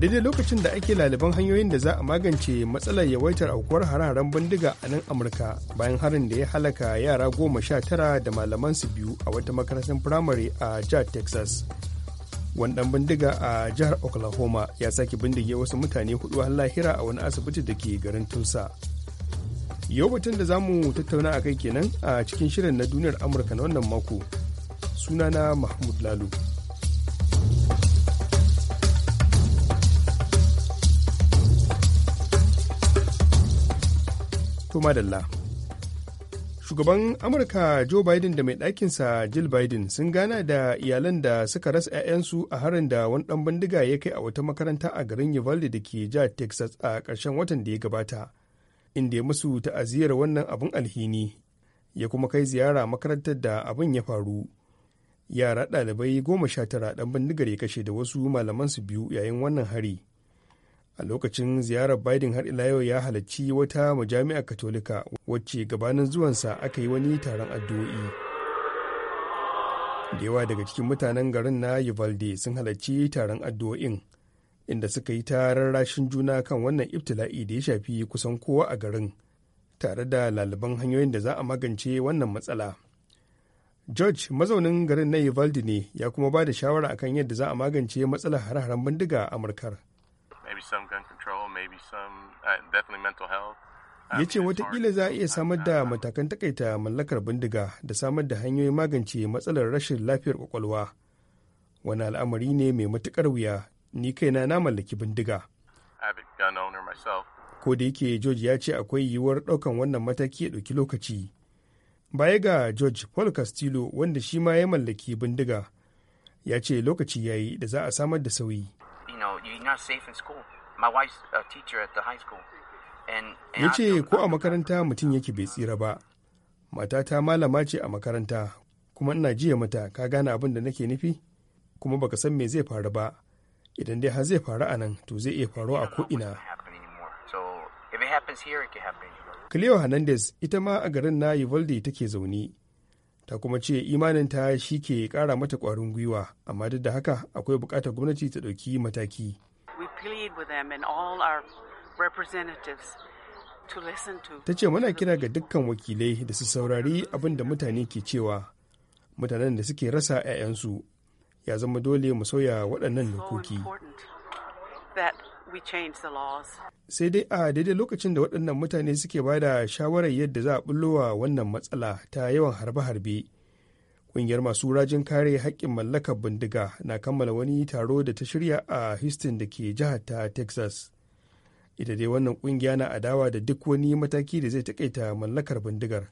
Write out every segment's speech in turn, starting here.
daidai lokacin da ake laliban hanyoyin da za a magance matsalar yawaitar aukuwar hararen bindiga a nan amurka bayan harin da ya halaka yara goma sha tara da malaman su biyu a wata makarantar firamare a jihar texas wani dan bindiga a jihar oklahoma ya sake bindige wasu mutane hudu har lahira a wani asibiti da ke garin tulsa yau batun da zamu tattauna a kai kenan a cikin shirin na duniyar amurka na wannan mako sunana mahmud lalu To madalla. Shugaban Amurka Joe Biden da mai ɗakinsa Jill Biden sun gana da iyalan da suka rasa 'ya'yansu a harin da wani ɗan bindiga ya kai a wata makaranta a garin Uvalde da ke jihar Texas a ƙarshen watan da ya gabata, inda ya musu ta'aziyar wannan abun alhini, ya kuma kai ziyara makarantar da abin ya faru. Yara ɗalibai goma sha tara ɗan bindigar ya kashe da wasu malamansu biyu yayin wannan hari. a lokacin ziyarar biden har ila yau ya halarci wata majami'ar katolika wacce gabanin zuwansa aka yi wani taron addu'o'i da yawa daga cikin mutanen garin na uvalde sun halarci taron addu'o'in inda suka yi ta rarrashin juna kan wannan ibtila'i da ya shafi kusan kowa a garin tare da laliban hanyoyin da za a magance wannan matsala george mazaunin garin na uvalde ne ya kuma ba da shawara akan yadda za a magance matsalar hare-haren bindiga a amurkar mental ya ce watakila za a iya samar da uh, matakan takaita mallakar bindiga da samar da hanyoyin magance matsalar rashin lafiyar kwakwalwa wani al'amari ne mai matukar wuya ni kaina na mallaki bindiga ko da yake george ya ce akwai yiwuwar ɗaukan wannan mataki ya ɗauki lokaci baya ga george paul castillo wanda shi ma ya mallaki bindiga ya ce lokaci yayi da za a samar da sauyi ya ce ko a makaranta mutum yake bai tsira ba matata malama ce a makaranta kuma ina jiya mata ka gane abin da nake nufi kuma baka san me zai faru ba idan dai har zai faru a nan to zai iya faru a ko'ina Cleo Hernandez ita ma a garin na Uvalde take zaune ta kuma ce imaninta shi ke kara mata kwarin gwiwa amma duk da haka akwai bukatar gwamnati ta ɗauki mataki ta ce muna kira ga dukkan wakilai da su saurari abin da mutane ke cewa mutanen da suke rasa 'ya'yansu ya zama dole mu sauya waɗannan dokoki Sai dai a daidai lokacin da waɗannan mutane suke ba da shawarar yadda za a bullowa wannan matsala ta yawan harbe-harbe. Ƙungiyar masu rajin kare haƙƙin mallakar bindiga na kammala wani taro da ta shirya a Houston da ke jihar ta Texas. Ita dai wannan ƙungiya na adawa da duk wani mataki da zai taƙaita mallakar bindigar.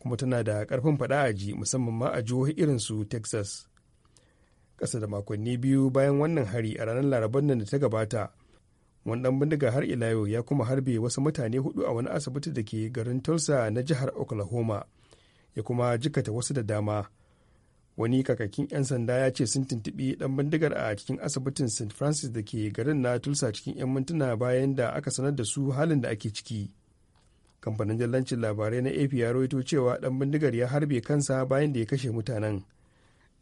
Kuma tana da ƙarfin faɗa a ji musamman ma a jihohi irin su Texas. Ƙasa da makonni biyu bayan wannan hari a ranar laraban nan da ta gabata, wani dan bindiga har ila yau ya kuma harbe wasu mutane hudu a wani asibiti da ke garin tulsa na jihar oklahoma ya kuma jikata wasu da dama wani kakakin 'yan sanda ya ce sun tuntuɓi dan bindigar a cikin asibitin st francis da ke garin na tulsa cikin 'yan mintuna bayan da aka sanar da su halin da ake ciki kamfanin jallancin labarai na ap ya rawaito cewa dan bindigar ya harbe kansa bayan da ya kashe mutanen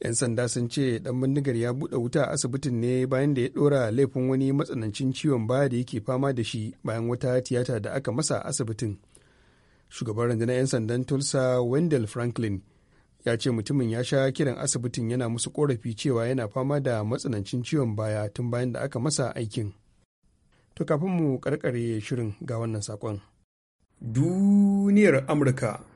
'yan sanda sun ce dan bindigar ya bude wuta a asibitin ne bayan da ya dora laifin wani matsanancin ciwon baya da yake fama da shi bayan wata tiyata da aka masa asibitin shugaban rundunar 'yan sandan tulsa wendell franklin ya ce mutumin ya sha kiran asibitin yana musu korafi cewa yana fama da matsanancin ciwon baya tun bayan da aka masa aikin to kafin mu karkare shirin ga wannan sakon duniyar amurka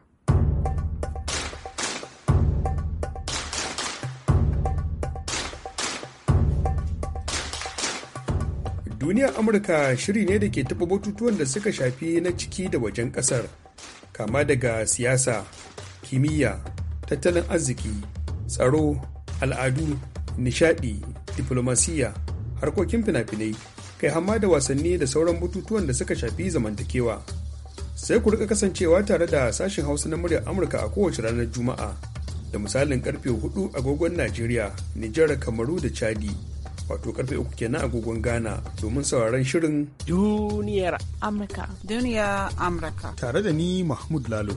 Duniyar Amurka shiri ne da ke taɓa bututuwan da suka shafi na ciki da wajen ƙasar, kama daga siyasa, kimiyya, tattalin arziki, tsaro, al'adu, nishaɗi, diplomasiya, harkokin fina-finai, kai hama da wasanni da sauran bututuwan da suka shafi zamantakewa. Sai ku rika kasancewa tare da sashen Hausa na muryar Amurka a kowace ranar Juma'a, da misalin karfe 4 agogon Najeriya, Nijar, Kamaru da Chadi. wato karfe uku kenan agogon Ghana domin sauraron shirin Duniyar Amurka. duniya Amurka. Tare da ni Mahmud Lalo.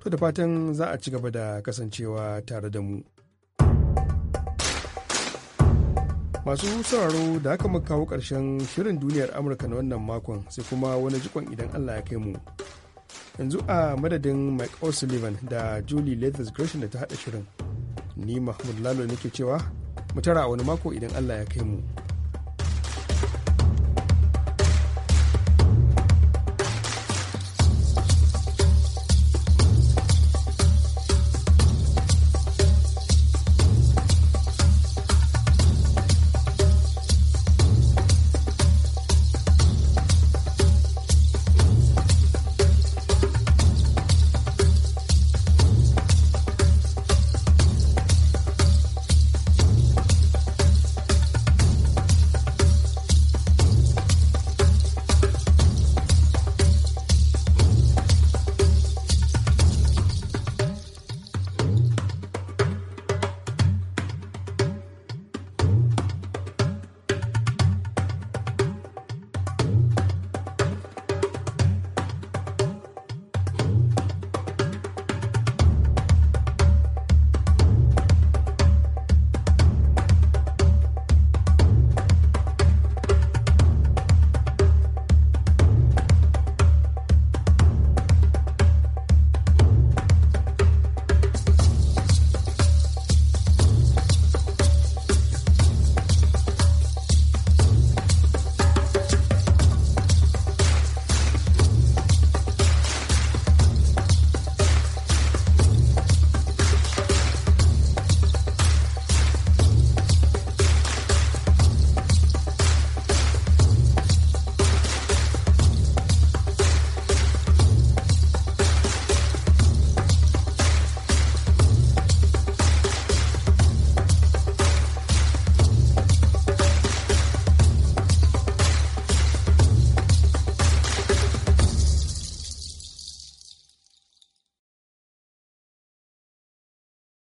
To da fatan za a ci gaba da kasancewa tare da mu. masu sauraro da aka muka kawo ƙarshen shirin duniyar amurka na wannan makon sai kuma wani jikon idan allah ya kai mu yanzu a madadin mike o'sullivan da julie lathes gresham da ta haɗa shirin ni mahmud lalo nake cewa mu tara wani mako idan allah ya kai mu